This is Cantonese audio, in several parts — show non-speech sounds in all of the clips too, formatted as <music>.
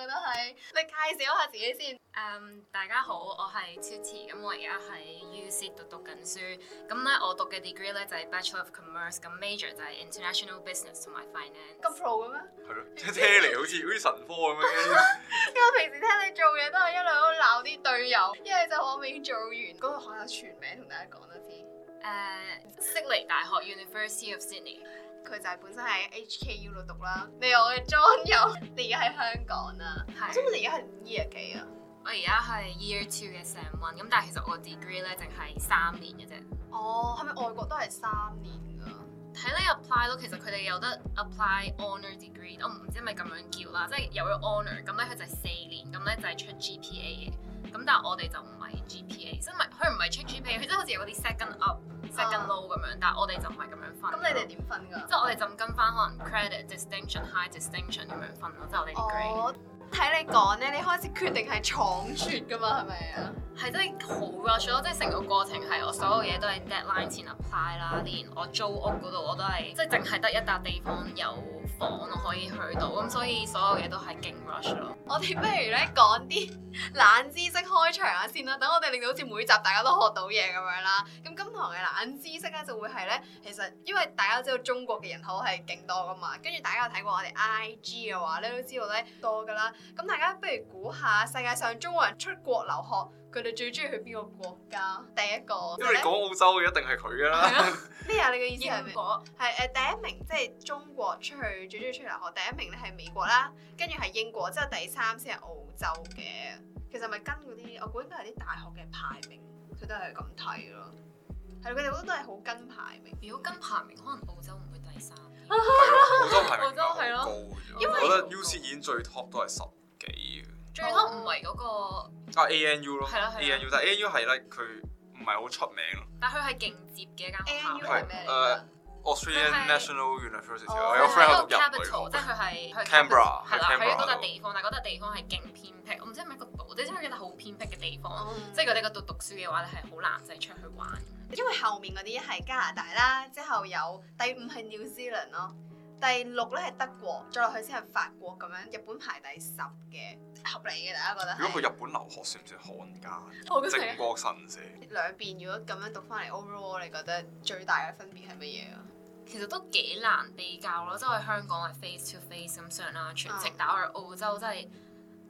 我都係，你介紹一下自己先。誒，um, 大家好，我係 Tutti，咁我而家喺 U C 讀讀緊書，咁、嗯、咧、嗯嗯、我讀嘅 degree 咧就係 Bachelor of Commerce，咁 major 就係 International Business 同埋 Finance。咁 pro 嘅咩？係咯，聽嚟好似好神科咁樣。 <laughs> <laughs> <laughs> 因為我平時聽你做嘢都係一路都鬧啲隊友，一係就我未做完，嗰、那個學校全名同大家講多次。誒，悉尼大學 University of Sydney。佢就係本身喺 H K U 度讀啦，你我嘅 John 有？ <laughs> 你而家喺香港啦，係是，咁我哋而家係 year 幾啊？我而家係 year two 嘅 sem one，咁但係其實我個 degree 咧淨係三年嘅啫。哦，係咪外國都係三年啊？睇你 apply 咯，其實佢哋有得 apply honour degree，我唔知係咪咁樣叫啦，即係有咗 honour 咁咧佢就係四年，咁咧就係出 G P A 嘅，咁但係我哋就唔係 G P A，即係佢唔係 check G P A，佢真係好似有啲 second up。即 high and low 咁樣，Second law, oh. 但係我哋就唔係咁樣分。咁你哋點分㗎？即係我哋就跟翻可能 credit c redit distinction high distinction 咁樣分咯，即係、oh. 我哋 degree 哦，睇、oh. 你講咧，你開始決定係倉促㗎嘛？係咪啊？係真係好倉促咯！即係成個過程係我所有嘢都係 deadline 前 apply 啦，連我租屋嗰度我都係，即係淨係得一笪地方有。房可以去到，咁所以所有嘢都係勁 rush 咯。我哋不如咧講，啲冷知識開場下先啦，等我哋令到好似每集大家都學到嘢咁樣啦。咁今堂嘅冷知識咧就會係咧，其實因為大家都知道中國嘅人口係勁多噶嘛，跟住大家有睇過我哋 IG 嘅話，你都知道咧多噶啦。咁大家不如估下世界上中國人出國留學佢哋最中意去邊個國家？第一個，因為你講澳洲嘅一定係佢噶啦。咩啊？你嘅意思係講係誒第一名，即係中國出去最中意出嚟學。第一名咧係美國啦，跟住係英國，之後第三先係澳洲嘅。其實咪跟嗰啲，我估應該係啲大學嘅排名，佢都係咁睇咯。係，佢哋好多都係好跟排名。如果跟排名， <laughs> 可能澳洲唔會第三。 <laughs> 澳洲係咯，澳洲因為我覺得 U C 已經最 top 都係十幾嘅。最 top 唔係嗰個。哦，那個啊 A N U 咯，A N U 但係 A N U 係咧，佢唔係好出名咯，但佢係勁接嘅一間學校，係誒 Australian National University，我有 friend 喺度入去，即係佢係 Canberra，係啦，喺嗰笪地方，但嗰笪地方係勁偏僻，我唔知係咪一個島，你知唔知係好偏僻嘅地方？即係佢哋嗰度讀書嘅話咧係好難，即出去玩。因為後面嗰啲係加拿大啦，之後有第五係 New Zealand 咯，第六咧係德國，再落去先係法國咁樣，日本排第十嘅。合理嘅，大家覺得。如果佢日本留學算唔算漢奸？我覺得靖國神社。 <laughs> 兩邊如果咁樣讀翻嚟 overall，你覺得最大嘅分別係乜嘢啊？其實都幾難比較咯，即係香港係 face to face 咁上啦，全程打去澳洲真係。即係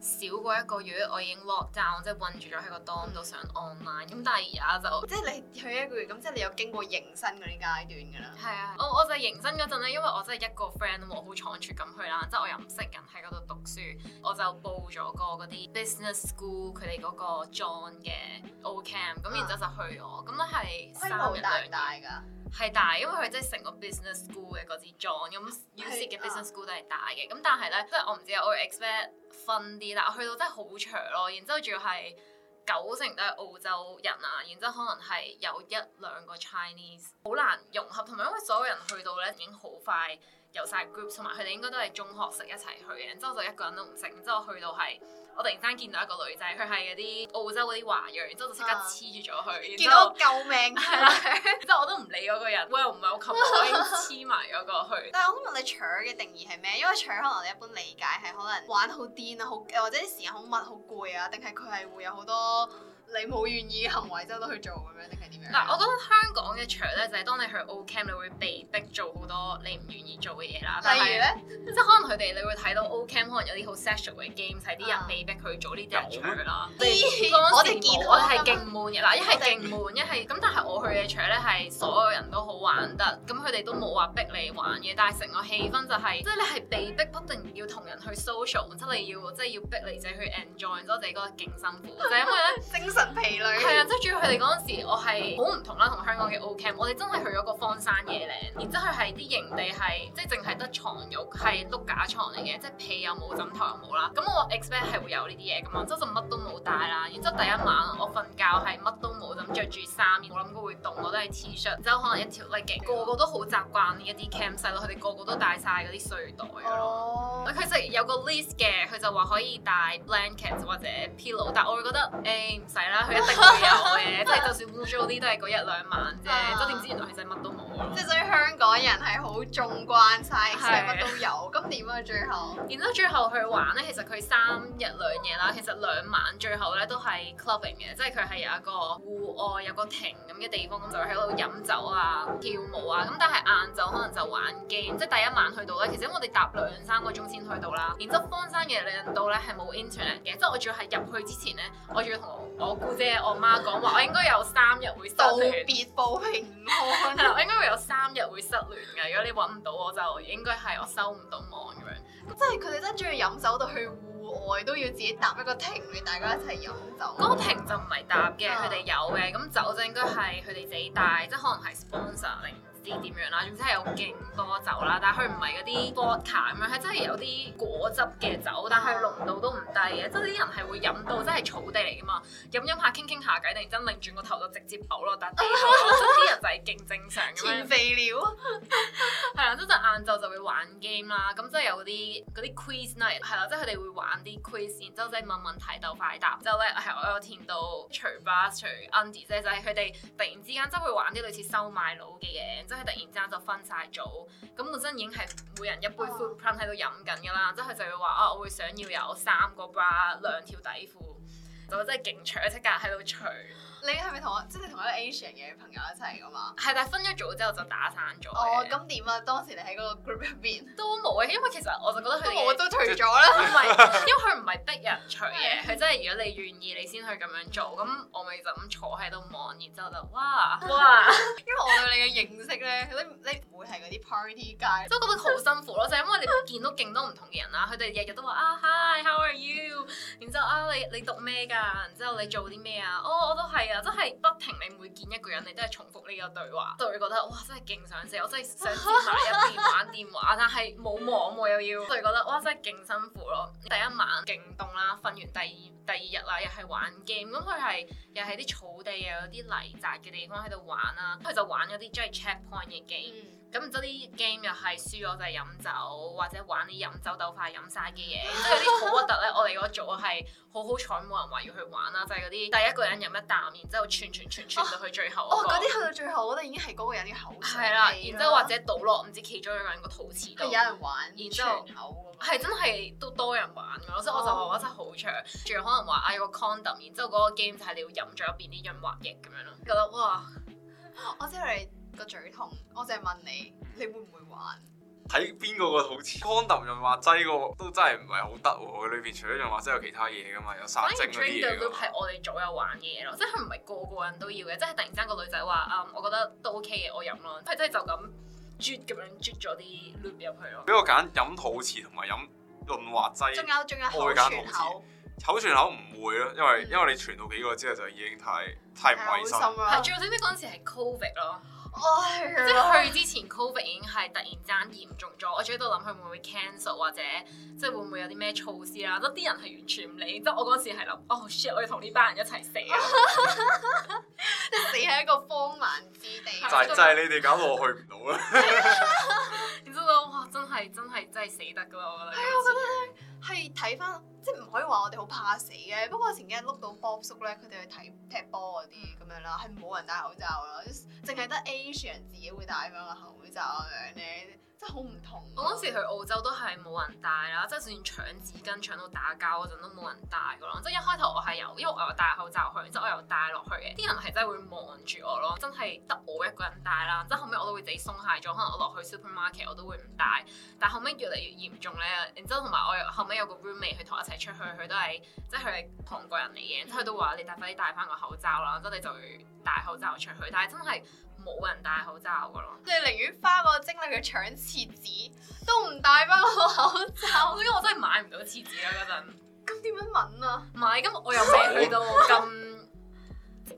少過一個月，我已經 lock down，即係困住咗喺個 dorm 度上 online。咁 on 但係而家就，即係你去一個月，咁即係你有經過迎新嗰啲階段㗎啦。係啊，我我就迎新嗰陣咧，因為我真係一個 friend，好倉促咁去啦，即係我又唔識人喺嗰度讀書，我就報咗個嗰啲 business school，佢哋嗰個 join 嘅 Ocamp，咁然之後就去我，咁都係規模大唔大㗎？係大，因為佢真係成個 business school 嘅嗰支裝，咁 UC 嘅 business school 都係大嘅。咁、嗯、但係呢，即係我唔知啊，我 expect fun 啲，但係去到真係好長咯。然之後仲要係九成都係澳洲人啊，然之後可能係有一兩個 Chinese，好難融合，同埋因為所有人去到呢已經好快。由晒 group 同埋佢哋應該都係中學識一齊去嘅，之後就一個人都唔識。之後我去到係，我突然間見到一個女仔，佢係嗰啲澳洲嗰啲華裔，之後就即刻黐住咗佢。啊、見到救命！之後 <laughs> <laughs> 我都唔理嗰個人，我又唔係好襟黐埋嗰個去。 <laughs> 但係我想問你 chur 嘅定義係咩？因為 chur 可能你一般理解係可能玩好癲啊，好或者啲時間好密、好攰啊，定係佢係會有好多。你冇願意嘅行為，都都去做咁樣，定係點樣？嗱，我覺得香港嘅場咧，就係當你去 Ocamp 你會被逼做好多你唔願意做嘅嘢啦。例如咧，即係可能佢哋，你會睇到 Ocamp 可能有啲好 sexual 嘅 game，係啲人被逼去做呢啲場啦。我哋我哋係勁悶嘅，嗱一係勁悶，一係咁，但係我去嘅場咧係所有人都好玩得，咁佢哋都冇話逼你玩嘅，但係成個氣氛就係，即係你係被逼不斷要同人去 social，即你要即係要逼你哋去 enjoy，即係我哋覺得勁辛苦，就係因為咧。疲累係啊，即係主要佢哋嗰陣時我，我係好唔同啦，同香港嘅 O camp，我哋真係去咗個荒山野嶺，然之後佢係啲營地係即係淨係得床褥，係碌架床嚟嘅，即係被又冇，枕頭又冇啦。咁我 expect 係會有呢啲嘢噶嘛，真係乜都冇帶啦。然之後第一晚我瞓覺係乜都冇。住三衫，我諗佢會凍，我都係 T-shirt，之後可能一條 legging。個個都好習慣呢一啲 camp 細路，佢哋個個都帶晒嗰啲睡袋咯。佢其實有個 list 嘅，佢就話可以帶 blanket 或者 pillow，但我會覺得誒唔使啦，佢一定會有嘅，即係就算污糟啲都係嗰一兩晚啫。點知原來其實乜都冇，即係所以香港人係好縱慣晒，即係乜都有。咁點啊？最後，然之後最後去玩咧，其實佢三日兩夜啦，其實兩晚最後咧都係 clubbing 嘅，即係佢係有一個戶外。有個亭咁嘅地方咁就喺度飲酒啊、跳舞啊，咁但係晏晝可能就玩 game 即係第一晚去到咧，其實我哋搭兩三個鐘先去到啦。然之後荒山野嶺度咧係冇 internet 嘅，即係我仲要係入去之前咧，我仲要同我姑姐、我媽講話，我應該有三日會失聯，別報平安，我應該會有三日會失聯嘅。如果你揾唔到我就應該係我收唔到網咁樣。即係佢哋真係中意飲酒到去戶外，都要自己搭一個亭嚟，大家一齊飲酒。嗰個亭就唔係搭嘅，佢哋、啊、有嘅。咁酒就應該係佢哋自己帶，即係可能係 sponsor 你唔知點樣啦。總之係有勁多酒啦，但係佢唔係嗰啲 vodka 咁樣，係真係有啲果汁嘅酒，但係濃度都唔低嘅。即係啲人係會飲到，真係草地嚟㗎嘛，飲飲下傾傾下偈，定然間轉個頭就直接跑落笪地度，啲人就係勁正常嘅。肥 <laughs> 料。 <laughs> 啦，咁即係有嗰啲嗰啲 quiz night，係啦，即係佢哋會玩啲 quiz，然之後即係問問題就快答，之後咧係我有填到除 bra、除，br 除 under，即就係佢哋突然之間即係會玩啲類似收買佬嘅嘢，即係突然之間就分晒組，咁本身已經係每人一杯 food pump 喺度飲緊㗎啦，即係佢就要話啊，我會想要有三個 bra 兩條底褲，mm hmm。就真係勁除即刻喺度除。你係咪同我即係同我啲 Asian 嘅朋友一齊噶嘛？係，但係分咗組之後就打散咗。哦，咁點啊？當時你喺嗰個 group 入邊都冇啊，因為其實我就覺得佢我都除咗啦。唔係， <laughs> 因為佢唔係逼人除嘅，佢真係如果你願意你先去咁樣做。咁我咪就咁坐喺度望，然之後就哇哇。哇 <laughs> 因為我對你嘅認識咧，你你唔會係嗰啲 party guy，即係覺得好辛苦咯。就係因為你見到勁多唔同嘅人啦，佢哋日日都話啊 hi，how are you？然之後啊，你你讀咩㗎？然之後你做啲咩啊？哦，我都係。真係不停，你每見一個人，你都係重複呢個對話，就會覺得哇，真係勁想死！我真係想邊玩一邊玩電話， <laughs> 但係冇網喎又要，所以覺得哇，真係勁辛苦咯。第一晚勁凍啦，瞓完第二第二日啦，又係玩 game，咁佢係又係啲草地又有啲泥澤嘅地方喺度玩啦，佢就玩嗰啲即係 checkpoint 嘅 game。嗯。咁唔知啲 game 又係輸咗就係飲酒，或者玩啲飲酒鬥快飲晒嘅嘢，都係啲好核突咧。我哋嗰組係好好彩冇人話要去玩啦，就係嗰啲第一個人飲一啖，然之後傳傳傳傳到去最後。哦，嗰啲去到最後，我覺得已經係嗰個人啲口水。係啦，然之後或者倒落唔知其中一個人個肚臍度。係有人玩。然之後。口、呃。係、呃、真係都多人玩㗎，哦、所以我就話我真係好長。仲有可能話嗌個 condom，然之後嗰個 game 就係你要飲咗入邊啲潤滑液咁樣咯，覺得哇，我真係～個嘴痛，我淨係問你，你會唔會玩？睇邊個個肚臍，康特潤滑劑個都真係唔係好得喎。佢裏邊除咗潤滑劑，有其他嘢㗎嘛，有殺精嗰啲嘢。係我哋左右玩嘅嘢咯，即係佢唔係個個人都要嘅，即係突然間個女仔話啊，我覺得都 OK 嘅，我飲咯。係真係就咁啜咁樣啜咗啲 l 入去咯。俾我揀飲肚臍同埋飲潤滑劑，仲有仲有口傳口。口傳口唔會咯，因為、嗯、因為你傳到幾個之後就已經太太唔衞生啦。係、啊，最最知嗰陣時係 covid 咯。即係去之前，covid 已經係突然間嚴重咗。我仲喺度諗佢會唔會，會 cancel 或者，即係會唔會有啲咩措施啦、啊？即係啲人係完全唔理。即係我嗰時係諗 oh shit！我要同呢班人一齊死、啊，即係 <laughs> 死喺一個荒蠻之地以。真就係就係你哋搞到我去唔到啦。然之後哇，真係真係真係死得噶啦！我覺我覺得。係睇翻，即係唔可以話我哋好怕死嘅。不過前幾日 look 到 Bob 叔咧，佢哋去睇踢波嗰啲咁樣啦，係冇人戴口罩咯。淨係得 Asian 自己會戴翻個口罩咁樣呢。真係好唔同。我當時去澳洲都係冇人戴啦，即係就算搶紙巾搶到打交嗰陣都冇人戴噶咯。即係一開頭我係有，因為我有戴口罩去，然之後我又戴落去嘅。啲人係真係會望住我咯，真係得我一個人戴啦。即係後尾我都會自己鬆懈咗，可能我落去 supermarket 我都會唔戴。但後尾越嚟越嚴重咧，然之後同埋我後尾有個 roommate 佢同我一齊出去，佢都係即係佢係韓國人嚟嘅，即係佢都話你帶快啲戴翻個口罩啦，然之後你就戴口罩出去。但係真係。冇人戴口罩㗎囉，即係寧願花個精力去搶廁紙，都唔戴返個口罩， <laughs> 因為我真係買唔到廁紙呀嗰陣。咁點樣問啊？買咁我又未去到咁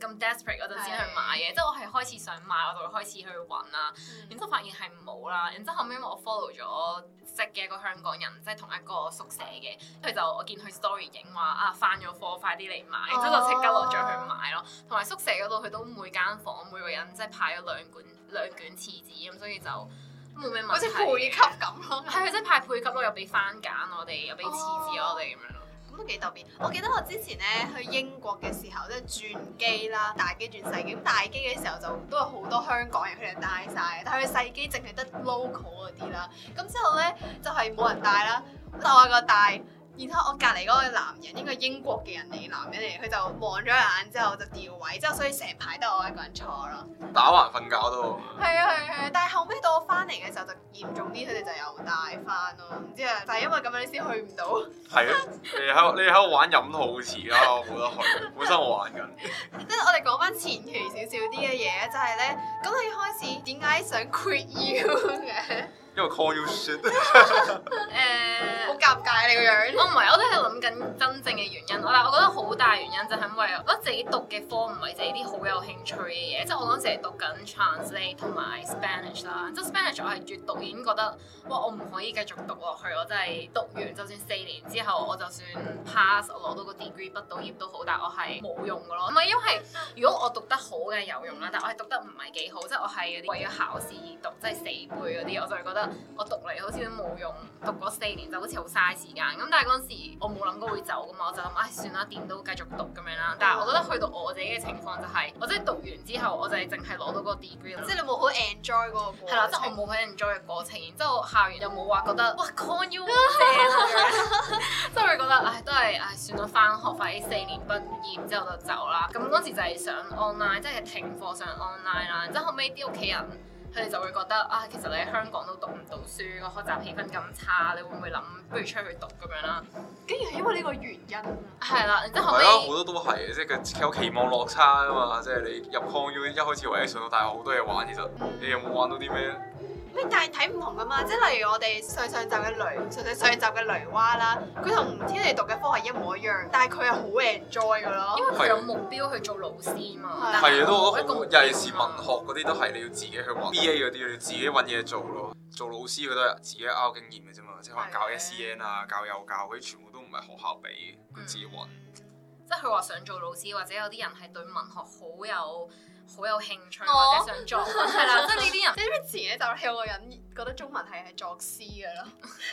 咁 <laughs> desperate 嗰陣先去買嘅，是即係我係開始想買我就開始去揾啦，然之後發現係冇啦，然之後後尾我 follow 咗。即嘅一個香港人，即係同一個宿舍嘅，佢就我見佢 story 影話啊，翻咗貨，快啲嚟買，咁、oh. 就即刻落咗去買咯。同埋宿舍嗰度，佢都每間房每個人即係派咗兩卷兩卷廁紙咁，所以就冇咩問題。好似配給咁咯，係啊， <laughs> 即係派配給咯，又俾番梘我哋，又俾廁紙我哋咁樣。咁都幾特別。我記得我之前咧去英國嘅時候，即係轉機啦，大機轉細機。咁大機嘅時候就都有好多香港人佢哋帶晒。但係佢細機淨係得 local 嗰啲啦。咁之後咧就係、是、冇人帶啦，但我一個帶。然後我隔離嗰個男人應該係英國嘅人嚟，男人嚟，佢就望咗眼之後就掉位，之後所以成排都係我一個人坐咯。打橫瞓覺都。係啊，係啊，啊。但係後尾到我翻嚟嘅時候就嚴重啲，佢哋就又帶翻咯，唔知啊，就係因為咁樣你先去唔到。係啊， <laughs> 你喺你喺度玩飲好遲啊，我冇得去。本身我玩緊。即係 <laughs> <laughs> 我哋講翻前期少少啲嘅嘢，就係、是、咧，咁你開始點解想 quit you 嘅？ <laughs> 因為 call you shit，好 <laughs> 尷、uh, 尬、啊、你個樣。我唔係，我都係諗緊真正嘅原因。嗱，我覺得好大原因就係因為我自己讀嘅科唔係自己啲好有興趣嘅嘢。即係我嗰陣時係讀緊 translate 同埋 Spanish 啦。即係 Spanish 我係越讀已經覺得，哇！我唔可以繼續讀落去，我真係讀完就算四年之後，我就算 pass，我攞到個 degree 畢到業都好，但我係冇用嘅咯。唔係因為如果我讀得好嘅有用啦，但我係讀得唔係幾好，即係我係嗰啲為咗考試而讀，即係死背嗰啲，我就係覺得。我讀嚟好似都冇用，讀咗四年就好似好嘥時間。咁但係嗰陣時我冇諗過會走噶嘛，我就諗唉、哎、算啦，點都繼續讀咁樣啦。但係我覺得去到我自己嘅情況就係、是，我真係讀完之後我就係淨係攞到個 degree，即係你冇好 enjoy 嗰個過程啦，即係我冇好 enjoy 嘅過程，即係我校完又冇話覺得 <laughs> 哇 con you 咩咁樣，即係 <laughs> <laughs> 覺得唉、哎、都係唉、哎、算啦，翻學快四年畢業之後就走啦。咁嗰陣時就係上 online，即係停課上 online 啦，之後後尾啲屋企人。佢哋就會覺得啊，其實你喺香港都讀唔到書，個學習氣氛咁差，你會唔會諗不如出去讀咁樣啦？竟然係因為呢個原因，係啦、嗯，然之後係啊，好、嗯、多都係，即係佢有期望落差啊嘛，即係你入 CU 一開始為咗上到大學好多嘢玩，其實你有冇玩到啲咩？ <laughs> 咩？但係睇唔同噶嘛，即係例如我哋上上集嘅雷，上上上集嘅雷蛙啦，佢同天地讀嘅科系一模一樣，但係佢係好 enjoy 噶咯，因為佢有目標去做老師啊嘛。係啊的，都我尤其是文學嗰啲都係你要自己去揾、嗯、BA 嗰啲，要自己揾嘢做咯。做老師佢都係自己拗經驗嘅啫嘛，即係可能教 S C N 啊，的教幼教佢全部都唔係學校俾佢、嗯、自己揾。即係佢話想做老師，或者有啲人係對文學好有。好有興趣，或者想作係啦，即係呢啲人。你知唔知前幾日有個人覺得中文係係作詩嘅咯？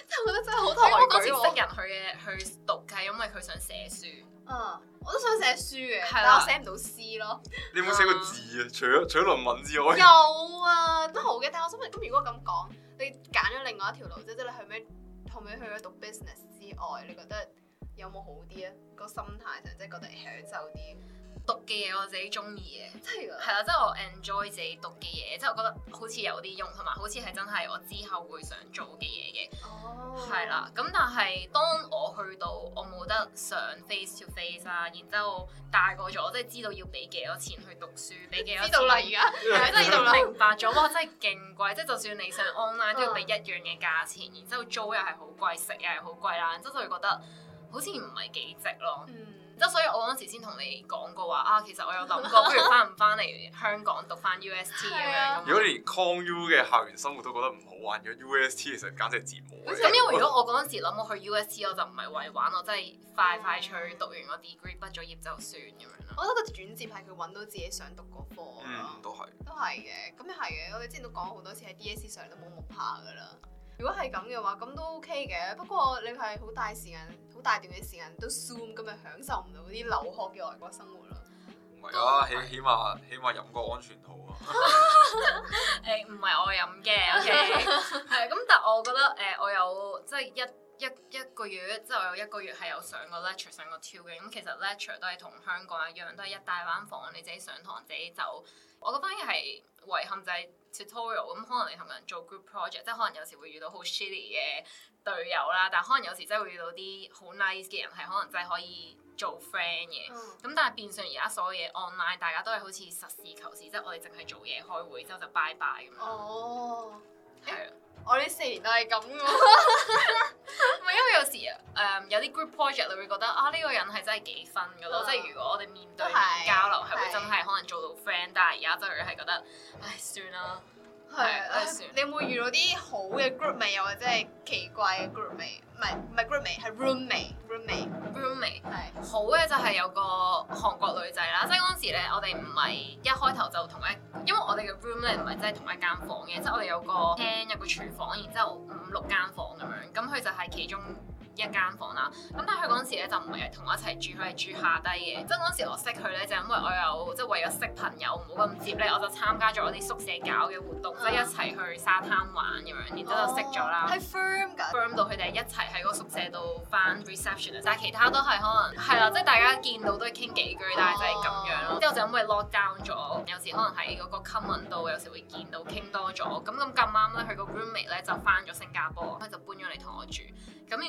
即係 <laughs> <laughs> 我覺得真係好抬舉喎。 <laughs> 我人去嘅去讀嘅，因為佢想寫書。嗯，uh, 我都想寫書嘅，的但我寫唔到詩咯。你有冇寫過字啊？Uh, 除咗除咗論文之外，有啊，都好嘅。但係我想問咁，如果咁講，你揀咗另外一條路， <laughs> 即係你後尾同你去咗讀 business 之外，你覺得有冇好啲啊？個心態上即係覺得享受啲。讀嘅嘢我自己中意嘅，即係㗎，係即係我 enjoy 自己讀嘅嘢，即、就、係、是、我覺得好似有啲用，同埋好似係真係我之後會想做嘅嘢嘅，哦、oh.，係啦，咁但係當我去到我冇得上 face to face 啦、啊，然之後大個咗，即係知道要俾幾多錢去讀書，俾幾多錢，知道啦，而家係啊，真係知 <laughs> 明白咗，哇，真係勁貴，即係就算你想 online 都要俾一樣嘅價錢，然之後租又係好貴，食又係好貴啦，然之後就會覺得好似唔係幾值咯。嗯。即所以我，我嗰陣時先同你講過話啊，其實我有諗過，不如翻唔翻嚟香港讀翻 UST 咁 <laughs> 樣。如果連 conu 嘅校園生活都覺得唔好玩，咁 UST 其實簡直折磨。咁因為如果我嗰陣時諗我去 UST，我就唔係為玩，我真係快快脆讀完個 degree，畢咗業就算咁樣啦。 <laughs> 我覺得個轉接係佢揾到自己想讀、個科、嗯、都係都係嘅。咁又係嘅，我哋之前都講好多次喺 DSC 上都冇目怕㗎啦。如果係咁嘅話，咁都 OK 嘅。不過你係好大時間、好大段嘅時間都 Zoom，咁咪享受唔到啲留學嘅外國生活咯。唔係啊，起起碼起碼飲個安全套啊。誒、 <laughs> <laughs> 欸，唔係我飲嘅，OK、 <laughs> <laughs> 欸。係咁但係我覺得誒、呃，我有即係、就是、一一一,一個月，即、就、係、是、我有一個月係有上過 lecture、上過 tutorial 嘅。咁其實 lecture 都係同香港一樣，都係一大班房，你自己上堂，自己走。我嗰方面係遺憾就係 tutorial，咁可能你同人做 group project，即可能有時會遇到好 shitty 嘅隊友啦，但可能有時真係會遇到啲好 nice 嘅人，係可能真係可以做 friend 嘅。咁、嗯、但係變相而家所有嘢 online，大家都係好似實事求是，即係我哋淨係做嘢、開會之後就 bye bye 咁樣。哦，係啊。我呢四年都係咁嘅，唔係因為有時誒有啲 group project 你會覺得啊，呢個人係真係幾分嘅咯，啊、即係如果我哋面對面交流係是會真係可能做到 friend，但係而家真係係覺得是唉算啦，係是是唉算。你有冇遇到啲好嘅 groupmate 又或者係奇怪嘅 groupmate？唔係，唔係 groupmate 係 roommate roommate room 味，roommate. Yes. 好嘅就係、是、有個韓國女仔啦，即係嗰陣時咧，我哋唔係一開頭就同一，因為我哋嘅 room 咧唔係真係同一間房嘅，即係我哋有個廳、有個廚房，然之後五六間房咁樣，咁佢就係其中一間房啦，咁但係佢嗰陣時咧就唔係同我一齊住，佢係住下低嘅。即係嗰陣時我識佢咧，就因為我有即係為咗識朋友，唔好咁接咧，我就參加咗我哋宿舍搞嘅活動，嗯、即係一齊去沙灘玩咁樣，然之後就識咗啦。係、哦、firm 㗎，firm 到佢哋一齊喺嗰個宿舍度翻 reception，但係其他都係可能係啦，即係大家見到都係傾幾句，但係就係咁樣咯。哦、之後就因為 lock down 咗，有時可能喺嗰個 common 度，down, 有時會見到傾多咗。咁咁咁啱咧，佢個 roommate 咧就翻咗新加坡，佢就搬咗嚟同我住。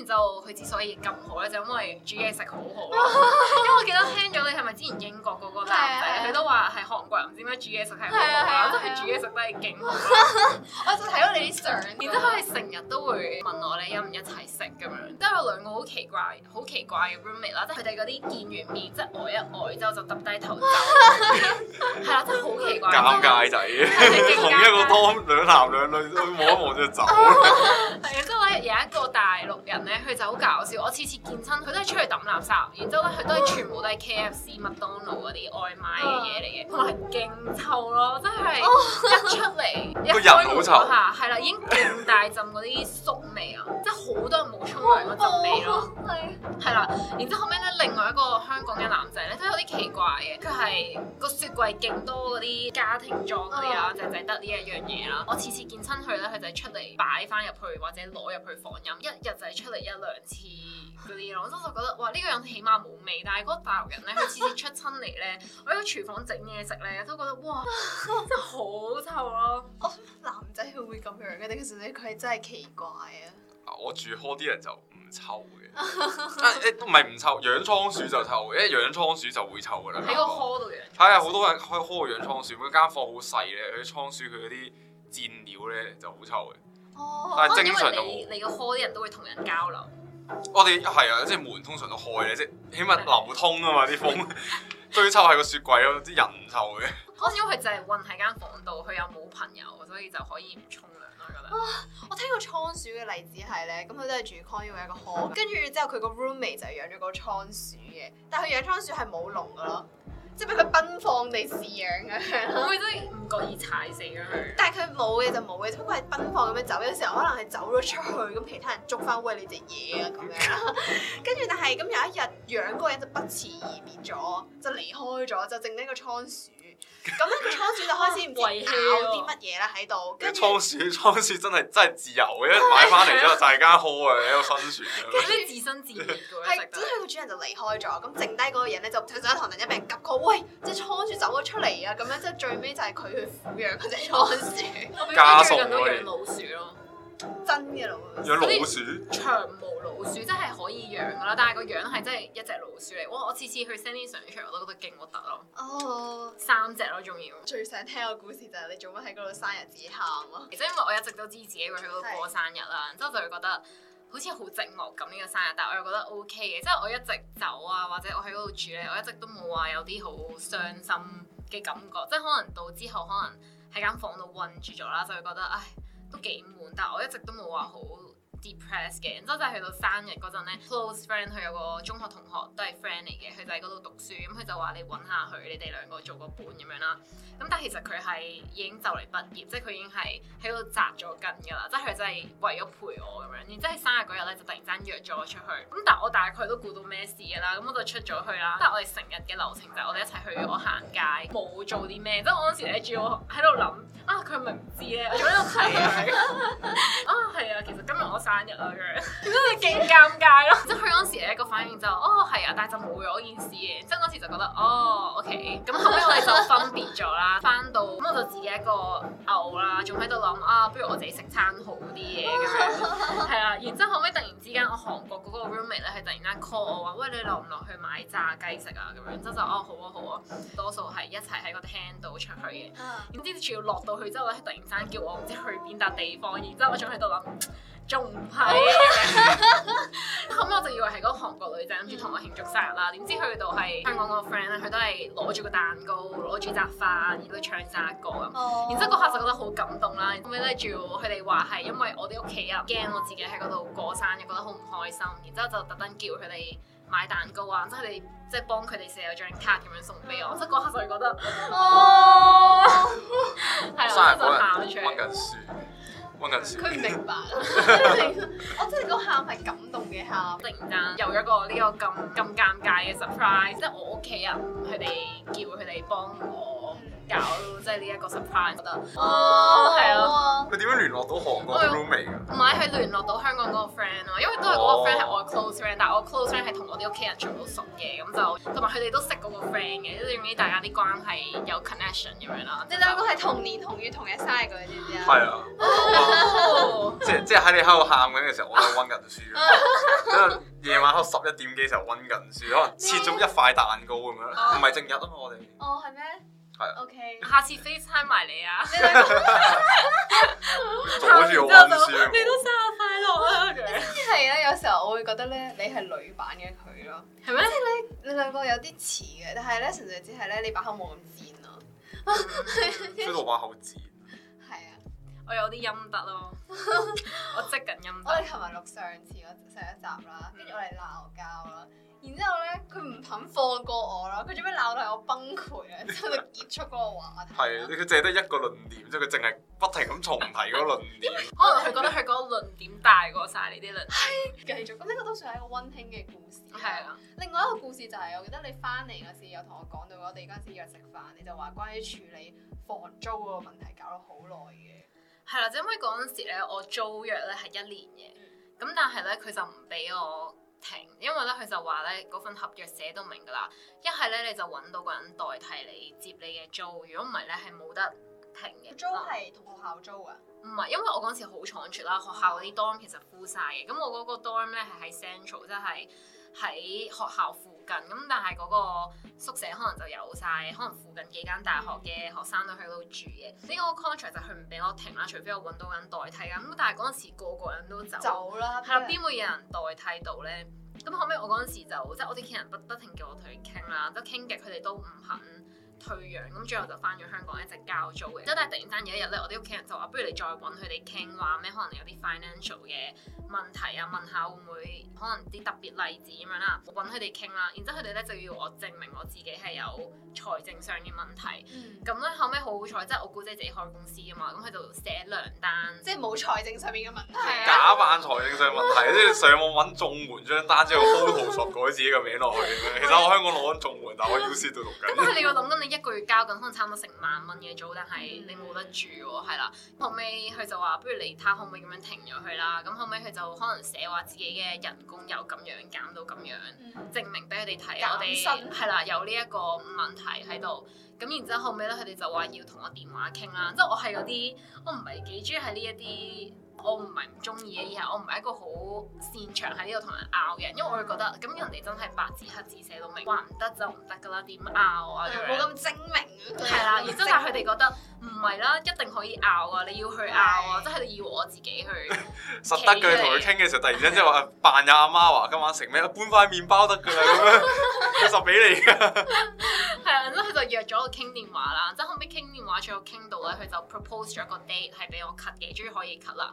就佢之所以咁好咧，就因為煮嘢食好好，因為我記得聽咗你，係咪之前英國嗰個男仔，佢都話係韓國人唔知咩煮嘢食係好，即係煮嘢食都係勁。我就睇咗你啲相，然之後佢成日都會問我，你有唔一齊食咁樣，即係有兩個好奇怪、好奇怪嘅 roommate 啦，即係佢哋嗰啲見完面即係呆一呆，之後就揼低頭走。係啦，真係好奇怪。尷尬仔，同一個湯兩男兩女望一望就走。係啊，即係有一個大陸人佢就好搞笑，我次次見親佢都係出去抌垃圾，然之後咧佢都係、oh. 全部都係 K F C、麥當勞嗰啲外賣嘅嘢嚟嘅，同埋勁臭咯，真係一出嚟一開門嗰下係啦，已經勁大陣嗰啲餿味啊， <laughs> 即係好多人冇沖涼嗰陣味咯，係啦、oh. oh. oh.，然之後後屘咧，另外一個香港嘅男仔咧都有啲奇怪嘅，佢係個雪櫃勁多嗰啲家庭裝啲啊，就係得呢一樣嘢啦，我次次見親佢咧佢就係出嚟擺翻入去或者攞入去放飲，一日就係出嚟。一兩次嗰啲咯，我真係覺得哇！呢、這個人起碼冇味，但係嗰大陸人咧，佢次哈哈次出親嚟咧，喺個廚房整嘢食咧，都覺得哇，真係好臭咯！我諗男仔佢會咁樣嘅，定係純粹佢真係奇怪啊！我住 hall 啲人就唔臭嘅，誒唔係唔臭，養倉鼠就臭嘅，一養倉鼠就會臭噶啦。喺個 hall 度嘅，係啊，好多人喺 hall 度養倉鼠，咁間房好細咧，佢啲倉鼠佢嗰啲墊料咧就好臭嘅。但係正常咁，你你個 hall 啲人都會同人交流。我哋係啊，即係門通常都開嘅，即係起碼流通啊嘛啲風。 <laughs> 最臭係個雪櫃咯，啲 <laughs> 人臭嘅。可能因為佢就係混喺間房度，佢又冇朋友，所以就可以唔沖涼咯。我覺得。啊、我聽過倉鼠嘅例子係咧，咁佢都係住 condo 嘅一個 hall， <laughs> 跟住之後佢個 roommate 就係養咗個倉鼠嘅，但係佢養倉鼠係冇籠噶咯。即係佢奔放地飼養嘅，會都唔覺意踩死咗佢。但係佢冇嘅就冇嘅，只不過係奔放咁樣走，有時候可能係走咗出去，咁其他人捉翻餵你隻嘢啊咁樣。 <laughs> <laughs> 跟住但係咁有一日養嗰個人就不辭而別咗，就離開咗，就剩低個倉鼠。咁咧，個倉鼠就開始維護啲乜嘢咧喺度，跟住倉鼠倉鼠真係真係自由嘅，一買翻嚟之後大家好呵嘅一個倉鼠，跟住自生自滅嘅，係真係個主人就離開咗，咁剩低嗰個人咧就上咗牀突然一被急，急。佢：「個，喂隻倉鼠走咗出嚟啊！咁樣即係最尾就係佢去撫養嗰隻倉鼠， <laughs> 家屬都養老鼠咯。真嘅老鼠，養老鼠長毛老鼠真係可以養噶啦，但係個樣係真係一隻老鼠嚟。哇！我次次去 send 啲相出嚟我都覺得勁核突咯。哦，oh. 三隻咯，仲要。最想聽個故事就係你做乜喺嗰度生日自己喊咯。其實因為我一直都知自己會喺嗰度過生日啦，然之後是就會覺得好似好寂寞咁呢個生日。但係我又覺得 O K 嘅，即係我一直走啊，或者我喺嗰度住咧，我一直都冇話有啲好傷心嘅感覺。即係可能到之後可能喺間房度鬱住咗啦，就會覺得唉。都幾悶，但係我一直都冇話好 depress 嘅，然之後就係去到生日嗰陣咧，close friend 佢 friend, 有個中學同學都係 friend 嚟嘅，佢就喺嗰度讀書，咁佢就話你揾下佢，你哋兩個做個伴咁樣啦。咁但係其實佢係已經就嚟畢業，即係佢已經係喺度扎咗根㗎啦。即係佢真係為咗陪我咁樣。然之後喺生日嗰日咧，就突然間約咗我出去。咁但係我大概都估到咩事㗎啦。咁我就出咗去啦。但係我哋成日嘅流程就係我哋一齊去我行街，冇做啲咩。即係我當時咧住我喺度諗，啊佢咪唔知咧，我喺度睇。啊係 <laughs> <laughs> 啊，其實今日我生日咁樣，真係勁尷尬咯！即係佢嗰時咧個反應就哦，哦係啊，但係就冇咗件事嘅。即係嗰時就覺得，哦，OK，咁後尾我哋就分別咗啦。翻到咁我就自己一個嘔啦，仲喺度諗啊，不如我自己食餐好啲嘢，咁樣，係啦、 <laughs> 嗯嗯。然之後後尾突然之間，我韓國嗰個 roommate 咧，佢突然間 call 我話，喂，你落唔落去買炸雞食啊？咁樣之後就，哦好啊好啊，多數係一齊喺個廳度出去嘅。嗯，然之後仲要落到去之後咧，突然間叫我唔知去邊笪地方，然之後我仲喺度諗。仲唔係，後尾、啊 oh、my <laughs> 我就以為係嗰個韓國女仔諗住同我慶祝生日啦，點知去到係香港個 friend 咧，佢都係攞住個蛋糕，攞住扎花，亦都唱扎歌咁。然之後嗰刻就覺得好感動啦。後尾咧，仲佢哋話係因為我哋屋企人驚我自己喺嗰度過生日，覺得好唔開心。然之後就特登叫佢哋買蛋糕啊，即係佢哋即係幫佢哋寫咗張卡 a 咁樣送俾我。即係嗰刻就是、覺得， <laughs> 哦，係啦、 <laughs> 嗯，就喊咗出嚟。佢唔明白， <laughs> <laughs> 我真係個喊係感動嘅喊，突然間有一個呢個咁咁尷尬嘅 surprise，即係我屋企人佢哋叫佢哋幫我。搞咯，即係呢一個 surprise 覺得哦，係啊，佢點樣聯絡到韓國 roommate 唔係佢聯絡到香港嗰個 friend 啊，因為都係我個 friend 係我嘅 close friend，但係我 close friend 係同我啲屋企人全部熟嘅，咁就同埋佢哋都識嗰個 friend 嘅，你知唔知大家啲關係有 connection 咁樣啦。你兩個係同年同月同日生嘅，知唔知啊？係啊。即即係喺你喺度喊緊嘅時候，我喺度温緊書。夜晚黑十一點幾時候温緊書，可能切咗一塊蛋糕咁樣，唔係正日啊嘛，我哋。哦，係咩？O Okay . K，下次 FaceTime 埋你啊！你祝 <laughs> <laughs> <laughs> 你都生日快樂啊！係啊，有時候我會覺得咧嗎，你係女版嘅佢咯，係咪？你你兩個有啲似嘅，但係咧純粹只係咧你把口冇咁賤咯。呢度把口賤。係啊，我有啲陰德咯。我積緊陰德。我哋琴日錄上次嗰上一集啦，跟住我哋鬧交啦。然之後咧，佢唔肯放過我啦，佢做咩鬧到我崩潰啊？喺度 <laughs> 結束嗰個話題。係，佢凈係得一個論點，即係佢淨係不停咁重提嗰個論點。可能佢覺得佢嗰個論點大過晒 <laughs> 你啲論點。係，繼續。咁呢個都算係一個溫馨嘅故事。係啦、啊。另外一個故事就係、是，我記得你翻嚟嗰時有同我講到，我哋嗰陣時約食飯，你就話關於處理房租嗰個問題搞咗好耐嘅。係啦，就因為可以講嗰時咧，我租約咧係一年嘅，咁、嗯、但係咧佢就唔俾我。停，因為咧佢就話咧份合約寫都明噶啦，一係咧你就揾到個人代替你接你嘅租，如果唔係咧係冇得停嘅。租係同學校租啊？唔係，因為我嗰時好倉促啦，學校啲 dorm 其實 full 晒嘅，咁、嗯、我嗰個 dorm 咧係喺 central，即係喺學校。咁，但係嗰個宿舍可能就有晒，可能附近幾間大學嘅學生都喺度住嘅。呢、嗯、個 contract 就佢唔俾我停啦，除非我揾到人代替啊。咁但係嗰陣時個個人都走，走啦，係咯，邊會有人代替到咧？咁後尾我嗰陣時就即係、嗯、我啲家人不不停叫我同佢傾啦，都傾極佢哋都唔肯。退讓，咁最後就返咗香港，一直交租嘅。即係突然間有一日咧，我哋屋企人就話：不如你再揾佢哋傾話咩？可能有啲 financial 嘅問題啊，問下會唔會可能啲特別例子咁樣啦，揾佢哋傾啦。然之後佢哋咧就要我證明我自己係有財政上嘅問題。咁咧後尾好彩，即係我姑姐自己開公司啊嘛，咁佢就寫兩單，即係冇財政上面嘅問題。假扮財政上問題，即係上網揾綜援張單之後，偷偷改自己嘅名落去。其實我香港攞緊綜援，但我要 C 度咁你又諗得你？一個月交緊可能差唔多成萬蚊嘅租，但係你冇得住喎，係啦、mm hmm. 後尾佢就話，不如你睇可唔可以咁樣停咗佢啦。咁後尾，佢就可能寫話自己嘅人工又咁樣減到咁樣，mm hmm. 證明俾佢哋睇我哋係啦，有呢一個問題喺度。咁然之後後屘後尾咧，佢哋就話要同我電話傾啦。即係我係嗰啲，我唔係幾中意喺呢一啲。我唔係唔中意嘅，而係我唔係一個好擅長喺呢度同人拗嘅，人。因為我會覺得咁人哋真係白紙黑字寫到明，話唔得就唔得噶啦，點拗啊？冇咁精明。係啦， <laughs> 然之後係佢哋覺得唔係 <laughs> 啦，一定可以拗啊，你要去拗啊，即係要我自己去。實得嘅，同佢傾嘅時候，突然之間即係話扮阿媽話今晚食咩，搬塊麵包得㗎啦咁樣，實俾 <laughs> <laughs> 你嘅。係啊， <laughs> 咁佢就約咗我傾電話啦，即係後尾傾電話，再傾到咧，佢就 propose 咗個 date 係俾我 cut 嘅，終於可以 cut 啦。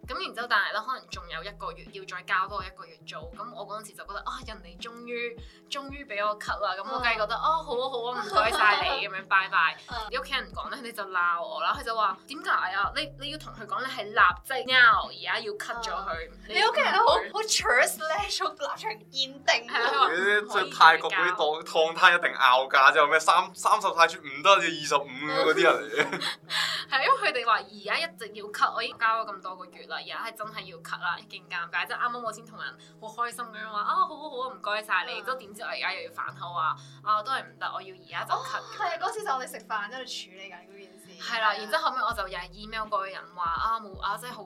咁然之後，但係咧，可能仲有一個月要再交多一個月租。咁我嗰陣時就覺得啊、哦，人哋終於終於俾我 cut 啦。咁我梗係覺得啊、嗯哦，好啊好啊，唔該晒你咁 <laughs> 樣拜拜，嗯、你屋企人講咧，你就鬧我啦。佢就話點解啊？你你要同佢講咧係立即 out，而、嗯、家要 cut 咗佢。你屋企人好好 choose 咧、啊，做它立場堅定啦。你即係泰國嗰啲檔攤攤一定拗價，之後咩三三十泰銖唔得，要二十五嗰啲人嚟嘅。係啊，因為佢哋話而家一直要 cut，我已經交咗咁多個月啦。而家係真係要 cut 啦，勁尷尬！即啱啱我先同人好開心咁樣話啊，好好好、啊，唔該晒你。都點、啊、知我而家又要反口話啊，都係唔得，我要而家就 cut。係啊，嗰次就我哋食飯喺度處理緊嗰件事。係啦，然之後後尾我就又係 email 嗰個人話啊冇啊，真係好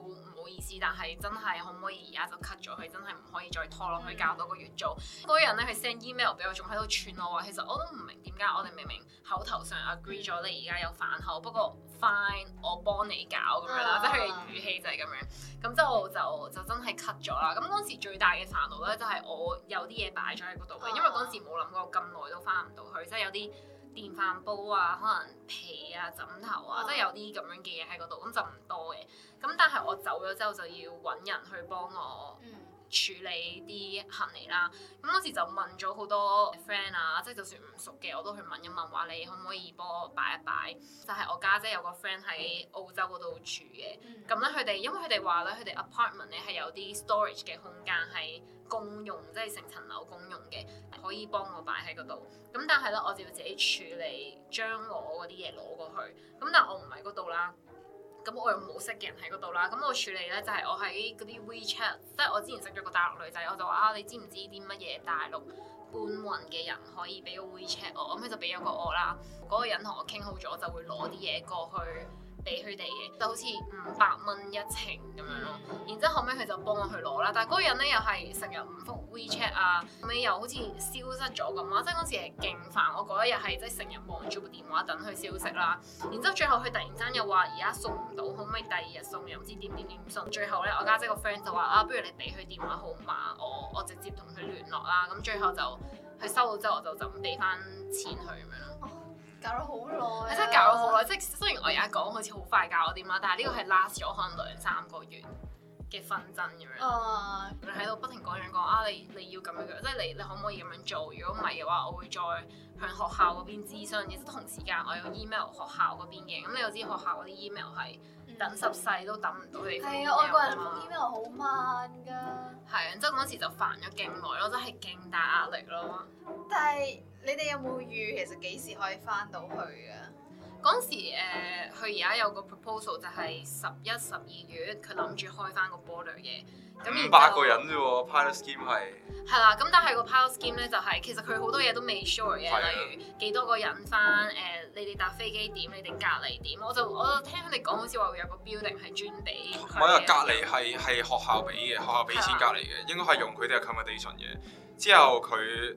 意思，但係真係可唔可以而家就 cut 咗佢？真係唔可以再拖落去搞到個月租。嗰個、嗯、人咧佢 send email 俾我，仲喺度串我話，其實我都唔明點解我哋明明口頭上 agree 咗，你而家有反口，不過 fine，我幫你搞咁樣啦，啊、即係佢嘅語氣就係咁樣。咁就就就真係 cut 咗啦。咁當時最大嘅煩惱咧，就係、是、我有啲嘢擺咗喺嗰度嘅，啊、因為嗰陣時冇諗過咁耐都翻唔到去，即係有啲。電飯煲啊，可能被啊、枕頭啊，即係、oh. 有啲咁樣嘅嘢喺嗰度，咁就唔多嘅。咁但係我走咗之後就要搵人去幫我。Mm. 處理啲行李啦，咁嗰時就問咗好多 friend 啊，即係就算唔熟嘅我都去問一問，話你可唔可以幫我擺一擺？就係我家姐有個 friend 喺澳洲嗰度住嘅，咁咧佢哋因為佢哋話咧，佢哋 apartment 咧係有啲 storage 嘅空間係共用，即係成層樓共用嘅，可以幫我擺喺嗰度。咁但係咧，我就要自己處理，將我嗰啲嘢攞過去。咁但係我唔喺嗰度啦。咁我又冇識嘅人喺嗰度啦，咁我處理呢就係、是、我喺嗰啲 WeChat，即係我之前識咗個大陸女仔，我就話啊，你知唔知啲乜嘢大陸搬運嘅人可以俾個 WeChat 我？咁佢就俾咗個我啦，嗰、那個人同我傾好咗，就會攞啲嘢過去。俾佢哋嘅就好似五百蚊一程咁樣咯，然之後後尾佢就幫我去攞啦，但係嗰個人咧又係成日唔覆 WeChat 啊，後尾又好似消失咗咁啊，即係嗰時係勁煩，我嗰一日係即係成日望住部電話等佢消息啦，然之後最後佢突然間又話而家送唔到，可唔可以第二日送？又唔知點點點送，最後咧我家姐個 friend 就話啊，不如你俾佢電話號碼我，我直接同佢聯絡啦，咁最後就佢收到之後我就就咁俾翻錢佢咁樣咯。搞咗好耐，真搞真即真係搞咗好耐，即係雖然我而家講好似好快搞咗啲乜，但係呢個係 last 咗可能兩三個月嘅紛爭咁、啊、樣啊。啊！你喺度不停講樣講啊，你你要咁樣，即係你你可唔可以咁樣做？如果唔係嘅話，我會再向學校嗰邊諮詢。亦都同時間我有 email 學校嗰邊嘅，咁你又知學校嗰啲 email 係等十世都等唔到你 ail,、嗯。係啊對，外國人封 email 好慢㗎。係啊，即係嗰陣時就煩咗勁耐咯，真係勁大壓力咯。但係。你哋有冇預其實幾時可以翻到去啊？嗰時誒，佢而家有個 proposal 就係十一、十二月，佢諗住開翻個 border 嘅、嗯。咁八個人啫喎，pilot scheme 係係啦。咁但係個 pilot scheme 咧就係、是、其實佢好多嘢都未 sure 嘅，的例如幾多個人翻誒、呃？你哋搭飛機點？你哋隔離點？我就我聽佢哋講，好似話會有個 building 係專俾。唔係啊，隔離係係的學校俾嘅，學校俾錢隔離嘅，的應該係用佢哋嘅 accommodation 嘅。之後佢。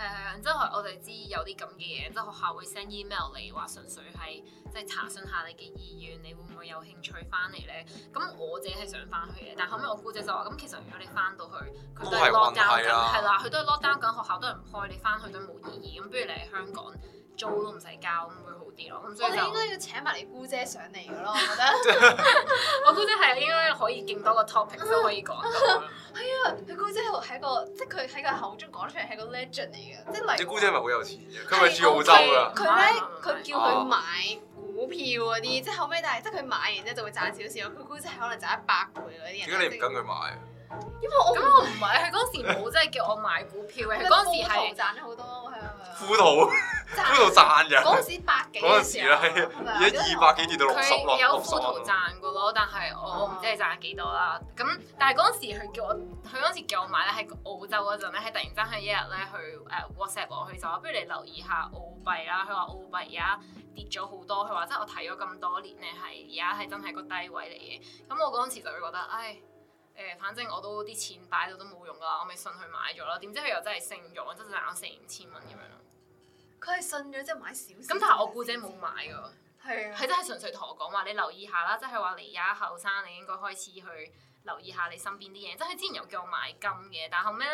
誒，即係、嗯就是、我哋知有啲咁嘅嘢，即、就、係、是、學校會 send email 嚟話，純粹係即係查詢下你嘅意願，你會唔會有興趣翻嚟咧？咁我自己係想翻去嘅，但後尾我姑姐就話，咁其實如果你翻到去，佢都係 lockdown 緊、啊，係啦，佢都係 lockdown 緊，學校都唔開，你翻去都冇意義，咁不如你喺香港租都唔使交，咁會好啲咯。所以我應該要請埋你姑姐上嚟嘅咯，我覺得。 <laughs> <laughs> 我姑姐係應該可以勁多個 topic <laughs> 都可以講。係啊、 <laughs> 哎，你、哎、姑姐。喺個，即係佢喺佢口中講出嚟係個 legend 嚟嘅，即係。你姑姐咪好有錢嘅、啊，佢咪住澳洲噶。佢咧，佢叫佢買股票啲、啊，即係後尾，但係即係佢買完咧就會賺少少。佢姑姐係可能賺一百倍啲人。點解你唔跟佢買、啊？因為我 <laughs> 我唔係，佢陣時冇真係叫我買股票嘅，佢陣 <laughs> 時係賺咗好多。富途， <laughs> 富途賺嘅。嗰陣時百幾，嗰陣時啦，而家二百幾跌到六十。佢有富途賺嘅咯、啊，但係我唔知係賺幾多啦。咁，但係嗰陣時佢叫我，佢嗰陣時叫我買咧，喺澳洲嗰陣咧，係突然間佢一日咧去誒 WhatsApp 我，佢就話不如你留意下澳幣啦。佢話澳幣而家跌咗好多，佢話即係我睇咗咁多年咧，係而家係真係個低位嚟嘅。咁我嗰陣時就會覺得，唉。誒，反正我都啲錢擺到都冇用噶啦，我咪信佢買咗咯。點知佢又真係升咗，真係賺咗四五千蚊咁樣。佢係信咗即係買少少。咁但係我姑姐冇買㗎，佢許真係純粹同我講話，的你留意下啦，即係話你而家後生，你應該開始去留意下你身邊啲嘢。即係之前又叫我買金嘅，但後尾呢，